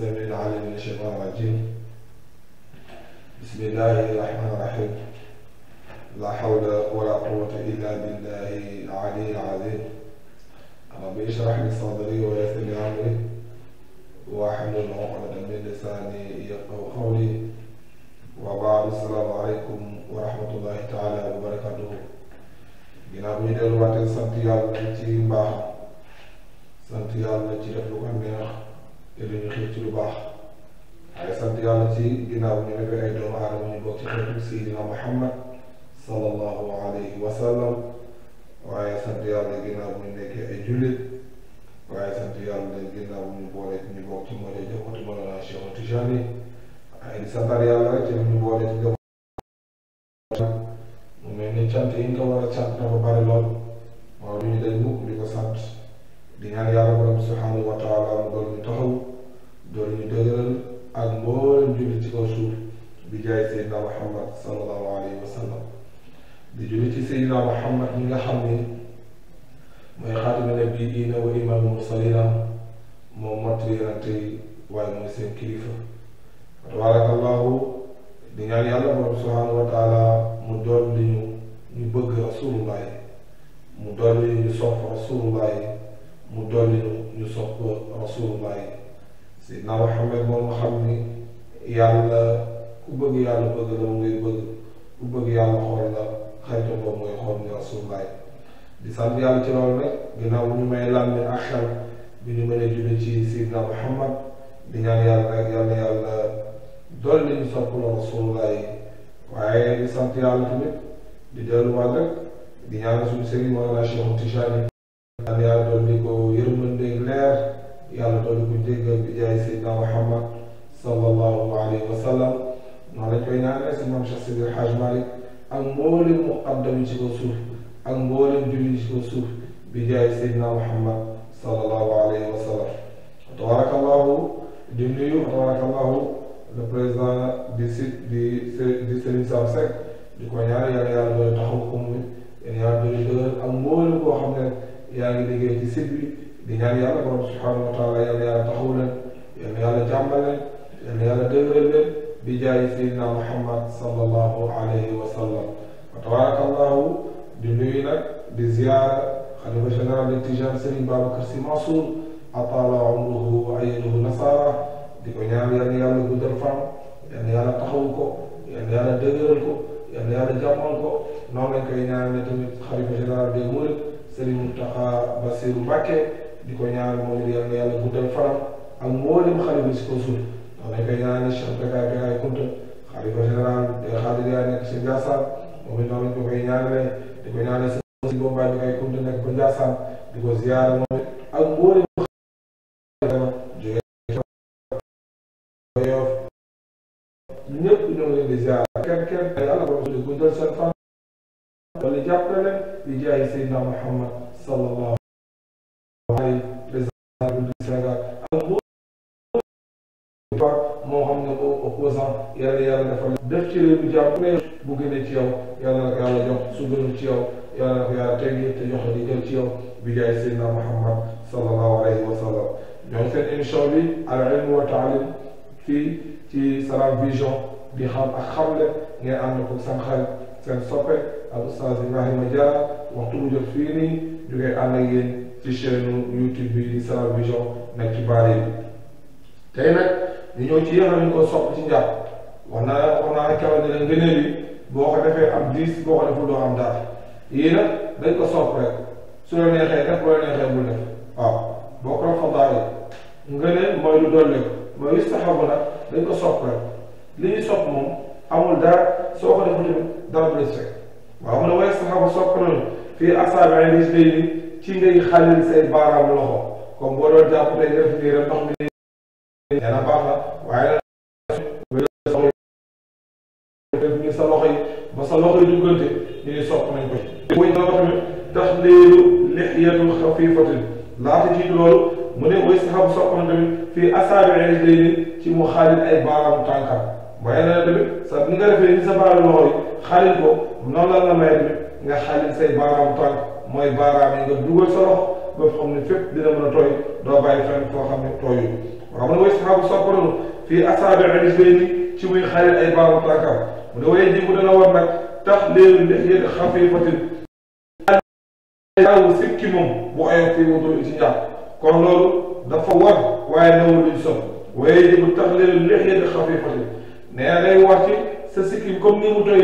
السميع العليم من الشيطان الرجيم بسم الله الرحمن الرحيم لا حول ولا قوة إلا بالله العلي العظيم رب اشرح لي صدري ويسر لي أمري واحلل عقدة من لساني يفقهوا قولي وبعد السلام عليكم ورحمة الله تعالى وبركاته ginnaaw bi ñu delluwaatee sant yàlla ci mbaaxam sant yàlla ci def lu ko neex te duñu xiir ci lu baax waaye sant yàlla ci nekk ay doomu aadama ñu bokk ci xeetu Seydina Muhammad sallallahu alayhi wa sallam waaye sant yàlla ginnaaw ñu nekkee ay jullit waaye sant yàlla ginnaaw ñu boole ñu bokk ci mooy jamono Mawlana Cheikh Tijani ay santar yàlla rek ñu boole ci mu mel ni cant yi nga war a bari lool waaw ñu day mukk di ko sant di ñaan yàlla wa taala mu doon ñu taxaw muhammad sallallahu alayhi wa sallam di julli ci sayyidina muhammad mi nga xam ni mooy xaatimi nabiyiina wa imaam mursaliina moom mottali yonante waaye mooy seen kilifa wa tabaarakallahu di ñaan yàlla borom subhaanahu wa taala mu doon li ñu ñu bëgg rasulullah mu doon li ñu sopp rasulullah mu doon li ñu sopp rasulullah sayyidina muhammad moom nga xam ni yàlla ku bëgg yàlla bëgg la ngay bëgg ku bëgg yàlla xool la xayta boobu mooy xool ni Rasulullaay di sant yàlla ci loolu rek ginnaaw bu ñu may làmmi ak xel bi ñu mën a julli ci Seydina Muhammad di ñaan yàlla rek yàlla yàlla dool li ñu sopp la Rasulullaay waaye di sant yàlla tamit di delluwaat rek di ñaan suñu sëriñ Mawlana Cheikh Tijaani ñaan yàlla dool di ko yërmandeeg leer yàlla dool di ko jéggal bi jaay Seydina Muhammad sallallahu alayhi wa sallam noonu lañ koy ñaanalee si maam Cheikh Sidi Hajj Malick ak mboolem muqaddam ci kaw suuf ak mboolem julli ci kaw bi jaay Seydina Muhammad sallallahu alayhi wa sallam tabarakallahu di nuyu tabarakallahu le président du site di di Serigne Sam Seck di ko ñaanal yàlla yàlla doon taxaw comme ni yàlla doon dëgëral ak mboolem koo xam ne yaa ngi liggéey ci site bi di ñaan yàlla borom subhanahu wa taala yàlla yàlla taxaw leen jaay Seydina Muhammad sallallahu alayhi wa sallam wa tabaarakallahu di nuyu nag di ziyaara xalifa général de Tijaan Serigne Babacar Sy Mansour atala umruhu wa ayyadahu nasara di ko ñaan yal na yàlla guddal fan yal na yàlla taxawu ko yal na yàlla dëgëral ko yal na yàlla jàppal ko noonu lañ koy ñaan ne tamit xalifa général des Mourides Serigne Mountakha Bassirou Mbacké di ko ñaan moom it yal na yàlla guddal fanam ak mboolem xalifa si ko suuf noonu lañ koy ñaanal Cheikh Bécaye Bécaye Kounta xalifa général de Xaadiriya nekk ci Ndiassane moom it noonu lañ ko koy ñaanalee di ko ñaanal sëñ Bombaay Bécaye Kounta nekk ba Ndiassane di ziyaara moom ak mboolem ñëpp ñoo ngi leen di ziyaara kenn kenn yàlla borom di guddal seen fan wala jàppale di yàlla yàlla dafa def ci réew mi jàpp ne bu gënee ci yow yàlla na ko yàlla jox su gënul ci yow yàlla na ko yàlla tegi te jox li gën ci yow bi jaay Seydina Muhammad sallallahu alayhi wa sallam ñoom seen émission bi al ilm wa taalim fii ci Salam Vision di xam ak xamle ngeen ànd ko seen xarit seen soppe ak Oustaz Ibrahima Diarra waxtu bu jot fii nii ñu koy ànd ak yéen ci chaîne YouTube bi di Salam Vision nekk ci baar yi tey nag ñu ñëw ci yéen a ko sopp ci njàpp wax na wax naa ak kaw ne leen boo ko defee am boo ko deful doo am dara yii nag dañ ko sopp rek su la neexee def boo la neexee bul def waaw boo ko fadaale ngëneel mooy lu dolli mooy yustahabu nag dañ ko sopp rek li ñu sopp moom amul dara soo ko deful tamit dara du la fekk waaw mu ne waaye saxaaba sopp nañu fii asaabi lis day ni ci ngay xalil say baaraam loxo comme boo doon jàpp day def nii rek ndox mi nee na baax la waaye parce que loxo yi duggante ñu ne sopp nañ nga wax ne taxliilu lixyatin xafiifatin laata ne mooy saxabu sopp nañ tamit fii asaabi mu xaalit ay baaraamu tànkam waaye nag tamit sa bi nga defee ni sa baaraamu loxo yi xaalit ko noonu la la may nga xaalit say baaraamu tànk mooy baaraam yi nga dugal sa ba xam ne fépp dina mën a tooy doo bàyyi fenn foo xam ne tooyul mu ne mooy saxabu sopp nañu fii asaabi rijlayni ci muy xaalit mu ne waaye jibu dana war nag tax léegi ndax yéen xafiifatin bu oyof fi wutu ci jàpp kon loolu dafa war day war ci sa sikkim comme ni mu doy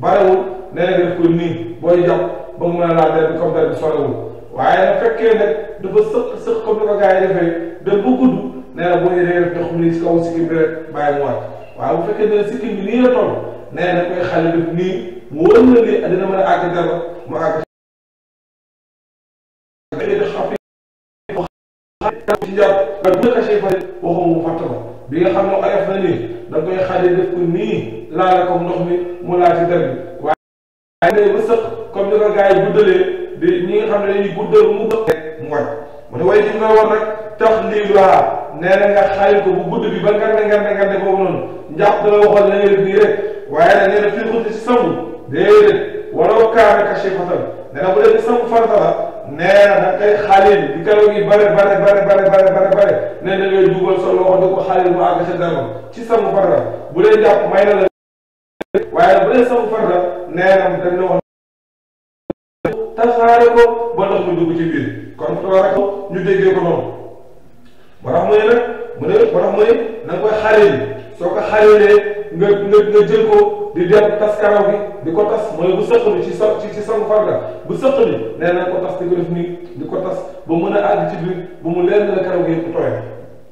barewul nee na ko nii booy jàpp ba mu mën a laal dara comme dara bi waaye nag fekkee nag dafa sëq sëq comme ni ko gars yi da bu gudd nee na boo yéexee def si kaw sikkim bi rek bàyyi mu waaw bu fekkee ne sikkim bi nii la toll nee na koy xale bi nii wóor na ni dina a àgg na nii da koy xale def nii laala comme ndox mi mu laal ci der waaye day sëq comme ni ko yi guddalee di ñi nga xam ne dañuy guddal mu bëgg mu wàcc mu ne way ji nga war nag tax lii nee na nga xaaj ko bu gudd bi ba ngande ngande ngande boobu noonu njàpp dala waxoon na ngay nii rek waaye nag nee na fii xuti sangu déedéet waroo kaana kaché fatal nee na bu dee sangu farata la nee na da koy xaaleel di gi bare bare bare bare bare bare bare nee na ngay dugal sa loxo da ko xaaleel mu àgg sa dara ci sangu farata bu dee njàpp may na la waaye bu dee sangu farata nee na dañ la wax ko ba ndox mi dugg ci biir kon tabaraka ñu déggee ko noonu moo tax mu ne nag mu ne moo tax mu na nga koy xaril soo ko xarilee nga nga nga jël ko di dem tas karaw gi di ko tas mooy bu sëq bi ci sa ci sangu farga bu sëq bi nee na ko tas di ko def nii di ko tas ba mën a àgg ci biir bu mu leer na karaw gi yëpp tooy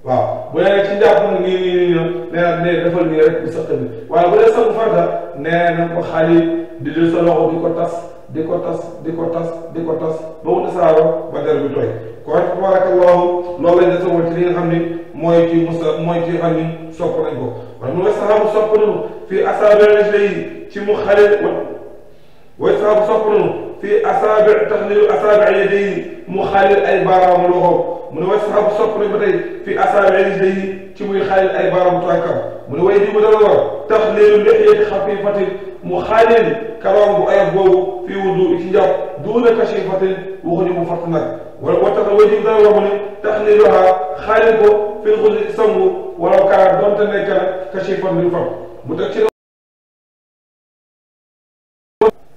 waaw bu nee ci njàpp nag nii nii nii nee nee defal nii rek bu sëq bi waaye bu dee sangu farga nee na ko xalil di jël sa loxo di ko tas di ko tas di ko tas di ko tas ba mu tasaaroo ba der bi tooy kon tabarakallahu loolu lañ desa woon ci li nga xam ni mooy ci musa mooy ci xam ni sopp nañ ko waaye mu wasahaabu sopp nañu fii asaabi rijli ci mu xale way saabu sopp nañu fii asaabi taxnilu asaabi yadayi mu xaalil ay baaraamu loxo mu ne way saabu sopp nañu ba tey fii asaabi rijli ci muy xaalil ay baaraamu tànkam mu ne way di mu dara war taxnilu lixyati xafifatin mu xaaleen karoom bu ayof boobu fii wudu ci njàpp duuna kashifatin waxuñu mu fatt nag wala boo tax wajib dana wax ne tax ni loxaa xaaleen ko fil xul sangu wala kaar donte nekk na kashifan luñ fam mu teg ci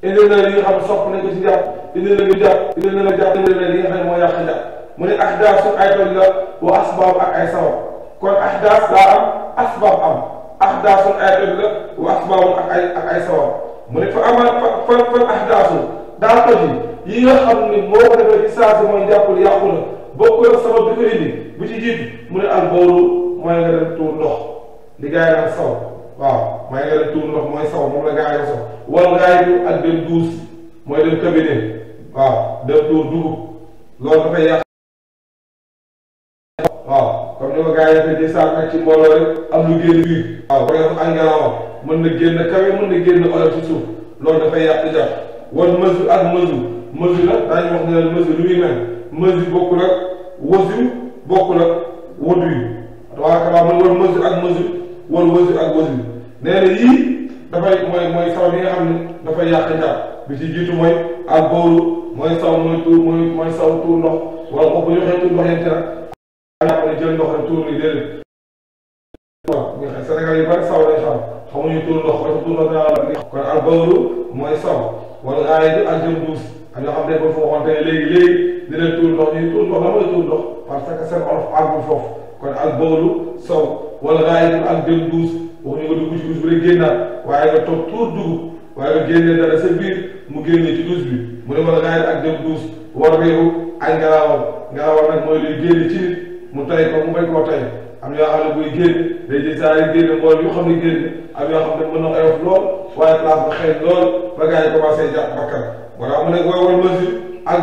indi na li nga xam sopp nañ ko ci njàpp indi na lu jàpp indi na la jàpp indi na li nga xam ne moo yàq jàpp mu ne ahdaas su ay toj la wa asbaab ak ay sabab kon ahdaas daa am asbaab am ahdaasun ay toj la ay ak ay sawab mu ne fa amal fan fan ahdaasu daa toj yi yi xam ni moo ko defee ci saa si mooy jàppul yàqu na bokkul ak sabab bi ko bu ci jiitu mu al bawlu mooy nga tuur ndox li gaa yi saw waaw mooy tuur ndox mooy saw moom la gaa saw wal ngaay bi ak dem duus mooy dem cabinet waaw dem tuur dugub loolu dafay yàq waaw ni ma gars yi dafay desal nag ci mbooloo rek am lu génn biir waaw woyof angalawa mën na génn kawe mën na génn oyof ci suuf loolu dafay yàq jàpp wal mesure ak mesure mesure la daañu wax ne la mesure lu muy mel mesure bokkul ak wasu bokkul ak wadu yi waaw wal mesure ak mesure wal wasu ak wasu nee na yii dafay mooy mooy saw yi nga xam ne dafay yàq bi ci jiitu mooy ak booru mooy saw mooy tuur mooy mooy saw tuur ndox wala bopp ñu xeetu ndoxente nag waaye jël ndox mi tuur mi déedéet waaw ñu xam Sénégal yi bari saw lañ xam xamuñu tuur ndox kon al bawlu mooy saw wala aaya al jëmbuus ak xam ne ba foo xonte léegi léegi dina tuur ndox ñuy tuur ndox la mooy tuur ndox parce que seen olof àggul foofu kon al bawlu saw wala aaya ji al jëmbuus waxuñu nga dugg ci douche bi rek génnaat waaye nga toog tuur dugub waaye nga génne dara sa biir mu génne ci douche bi mu ne wala aaya ji ak jëmbuus war réewu ak ngelawoon ngelawoon mu tay ko mu bañ koo tay am yoo xam ne buy génn day jël saa yu génn mbool yu xam ne am yoo xam ne mën na oyof lool waaye place ba xëy lool ba gars yi commencé mu ne booy war mesure ak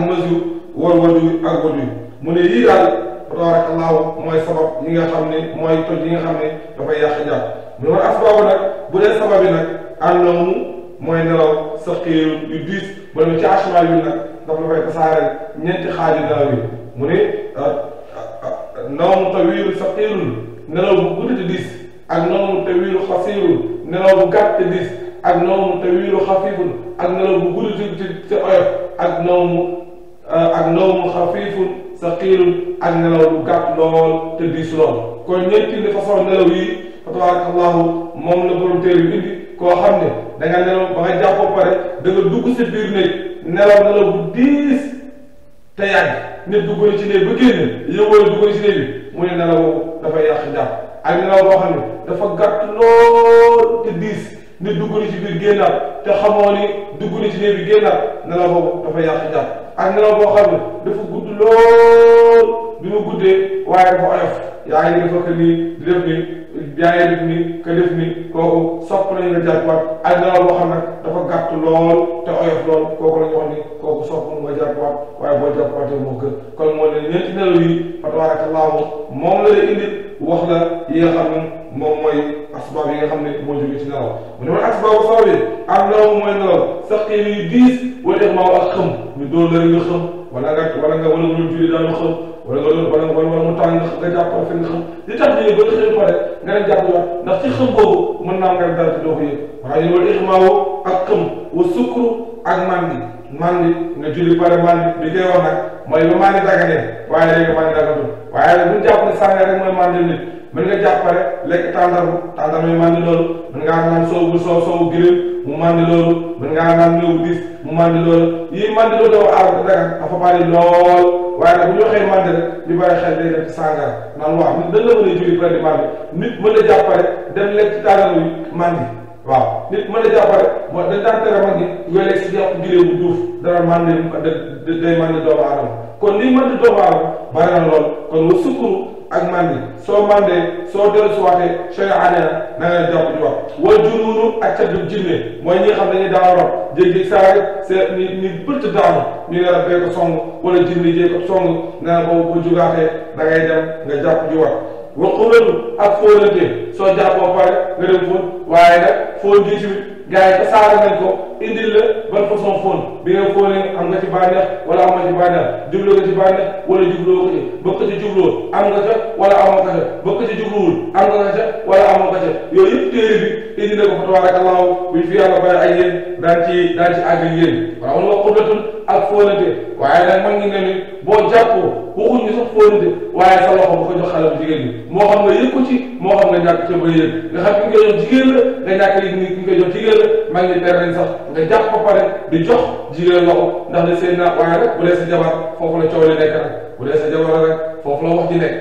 war wadu mu ne yii daal tabaarakallaahu mooy sabab ñi nga xam ne mooy toj yi nga xam ne dafay yàq jàpp mu ne asbaabu nag bu dee sabab yi nag ànnamu mooy nelaw sa xiir yu diis ba ne ci asmaa yu nag daf la fay tasaare ñeenti xaaju nelaw yi mu ne noomu te wiiru saqiirul nelaw bu gudd te diis ak noomu te wiiru nelaw bu gàtt diis ak noomu te wiiru xafiiful ak nelaw bu gudd te te oyof ak noomu euh, ak noomu xafiiful diis lool kon ñetti ni façon nelaw yi fa tabarakallahu moom la borom téere bi indi koo xam ne da nga nelaw ba nga pare da dugg sa biir néeg nelaw nelaw diis te yàgg nit dugg na ci néeg ba génn yëngoo na dugg na ci néeg bi mu ne nelaw dafay yàq jàpp ak nelaw boo xam ne dafa gàtt lool te diis nit dugg na ci biir génnaat te xamoo ni dugg na ci néeg bi génnaat nelaw boobu dafay yàq jàpp ak nelaw boo xam ne dafa gudd lool. lool du ñu guddee waaye dafa oyof yaa ngi def ko nii di def nii yaa ngi def nii ka def nii kooku sopp nañu la jàppuwaat ak loolu boo xam nag dafa gàtt lool te oyof lool kooku la ñu wax ni kooku sopp nga jàppuwaat waaye boo jàppuwaatee moo gën kon moo ne ñeenti nelaw yi moom la lay indi wax la yi nga xam ne moom mooy asbaab yi xam ne moo jóge ci nelaw mu ne man asbaabu sabab yi am nelaw mooy nelaw saq yi diis wala maaw ak xëm ñu dóor la nga xëm wala nga wala nga wala wala julli daal ma xam wala wala wala wala mu tàng nga jàpp fi nga xam li tax ñu ba xëy pare nga ne jàpp waat ndax ci xam boobu mën naa nga dal ci doo ko yëg waaye wala ixmaawo ak xam wa sukru ak mandi mandi nga julli pare mandi bi koy wax nag mooy lu mandi daganee waaye léegi mandi daganu waaye bu ñu jàpp ne sàngara rek mooy mandi nit mën nga jàpp pare lekk tàndarbu tàndarbu mandi loolu mën ngaa naan soow bu soow soow giréem mu màndi loolu mën ngaa naan ñëw diis mu màndi loolu yii màndi loolu doomu aadama daga dafa bari lool waaye nag bu ñu waxee màndi rek ñu bàyyi xel day dem ci sàngara naan waaw nit dañ la mën a jóge près di màndi nit mën a jàppare dem lekk ci tàllal wi màndi waaw nit mën a jàppare moo dañ daan tere mag ñi ngay lekk si yàpp ngiree bu duuf dara màndi day màndi doomu aadama kon lii màndi doomu aadama bari na lool kon wa sukkuru ak mandi soo mandee soo dellu suwaatee sharia nee na na nga jàpp ci wax wal junuunu ak caddub jinne mooy ñi xam dañuy daaw rob jéeg-jéeg saa ni ni bëtt daanu ñu ne la bee ko song wala jinne jéeg ko song nee na boobu bu jugaatee da ngay dem nga jàpp ci wax waxulanu ak fóolante soo jàppoo pare nga dem fóot waaye nag fóot gi ci ko indil la ban façon fóon bi nga fóonee am nga ci bànneex wala am nga ci bànneex jubloo nga ci bànneex wala jubloo ko ci ba ko ci jubloo am nga ca wala amoo nga ca ba ko ci jubluwul am nga ca wala amoo nga ca yooyu yëpp téere bi indi na ko fa tabaarakallaahu buñ fi yàlla bàyyi ak yéen daan ci daan ci àgg ak yéen waaw wala wax xuddatul ak fóonante waaye nag mag ngi ne ni boo jàppoo waxuñ ñu sax fóonante waaye sa loxo ba ko jox xale bu jigéen ñi moo xam nga yëg ko ci moo xam nga ñàkk ca ba yéen nga xam ki nga jox jigéen la nga ñàkk li ni ki nga jox jigéen la mag ngi ter nañ sax nga jàpp ba pare di jox jigéen loxo ndax de seen naa waaye rek bu dee sa jabar foofu la coow li nekk rek bu dee sa jabar rek foofu la wax ji nekk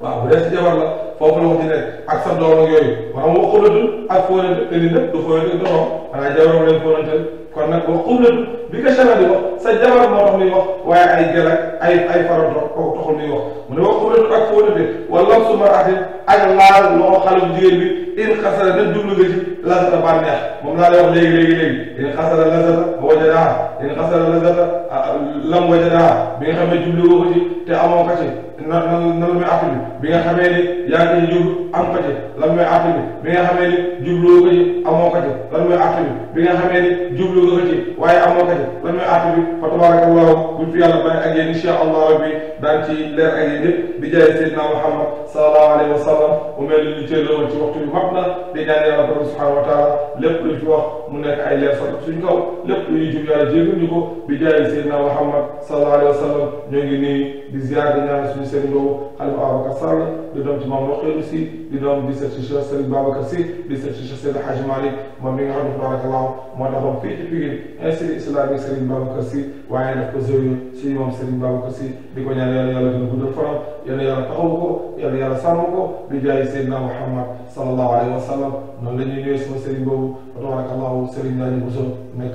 waaw bu dee sa jabar la foofu la wax ji nekk ak sa doom ak yooyu maanaam waxu la dul ak fóonante te ni nag du fóonante doomam xanaa jabaram leen fóonante kon nag wax xullal bi ko chara di wax sa jabar moo tax luy wax waaye ay jalak ay ay faranto kooku taxul luy wax mu ne wax xullal ak fóonante wala su maraatin ak laal loo xalam jigéen bi in xasara na jublu nga ci lasata bànneex moom laa lay wax léegi léegi léegi in xasara lasata wajadaa in xasara lasata ah, lam wajadaa bi nga xamee jublu ko ci te amoo ko ci na na na la muy àtt bi bi nga xamee ni yaa ngi jub am ko ci lan muy àtt bi bi nga xamee ni jubloo ko ci amoo ko ci lan muy àtt bi bi nga xamee ni jublu góor a ci waaye amoo ko ci lan mooy àtte bi fa tabarakallahu buñ fi yàlla bane ak yéen incha allah rabbi daan ci leer ak yéen yëpp bi jaay seydina muhammad sallallahu alayhi wa sallam mu mel ni ñu cëlloo woon ci waxtu bi mat na di ñaan yàlla borom subhanahu wa taala lépp lu ci wax mu nekk ay leer sax suñ kaw lépp lu ñuy jub yàlla jéggal ñu ko bi jaay seydina muhammad sallallahu alayhi wa sallam ñoo ngi nii di ziar di ñaan suñu sëriñ boobu xalifa Ababacar Sall di doom ci maam Roqeelu si di doom di seet si Cheikh Sëriñ Babacar si di seet si Cheikh Seydi Hadji Malick moom mi nga xam ne tabarakallahu moo taxoon fii Pikine institut islamique Serigne Babacar Sy waaye daf ko zëriñu suñu moom Serigne Babacar Sy di ko ñaan yàlla yàlla gën a guddal fanam yàlla yàlla taxawu ko yàlla yàlla sàmm ko bi jaay Seydina Muhammad sallallahu alayhi wa sallam noonu la ñuy ñëwee sama Serigne boobu tabaarakallahu Serigne Ndiaye Bousso nekk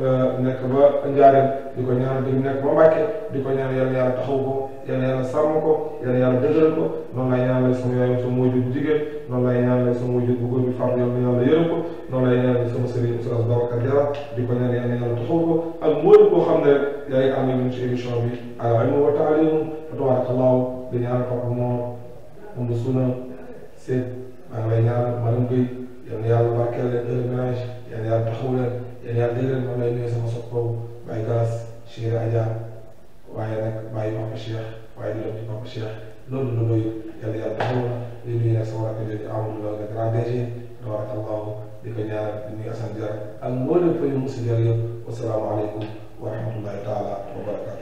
Euh, nekk ba njaareem di ko ñaanal di nekk ba Mbàkke di ko ñaan yàlla yàlla taxaw ko yàlla yàlla sàmm ko yàlla yàlla dëgëral ko noonu lay ñaanal sama yaay sama waajur bu jigéen noonu lay bi faatu yàlla yàlla yërëm ko noonu lay ñaanal sama sëriñ Oustaz Babacar Diarra di ko ñaan yàlla yàlla taxaw ko ak mboolem koo yaa ngi ànd ak ñun al ilmu wa taalim di ñaan ko moom moom suna seet maa ngi lay ñaanal maanaam guy yàlla yàlla barkeel leen ménage yàlla yàlla di leen mën lay nuyu sama sopp boobu bàyyi galas Cheikh Adja waaye nag bàyyi Mama Cheikh waaye di doon ci Mama Cheikh loolu lu nuyu yàlla yàlla taxaw na di nuyu nag sama rakk jooju Amadou Lo le grand DG tabarakallahu di ko ñaanal di nuyu Assane Diarra ak taala wa barakaatu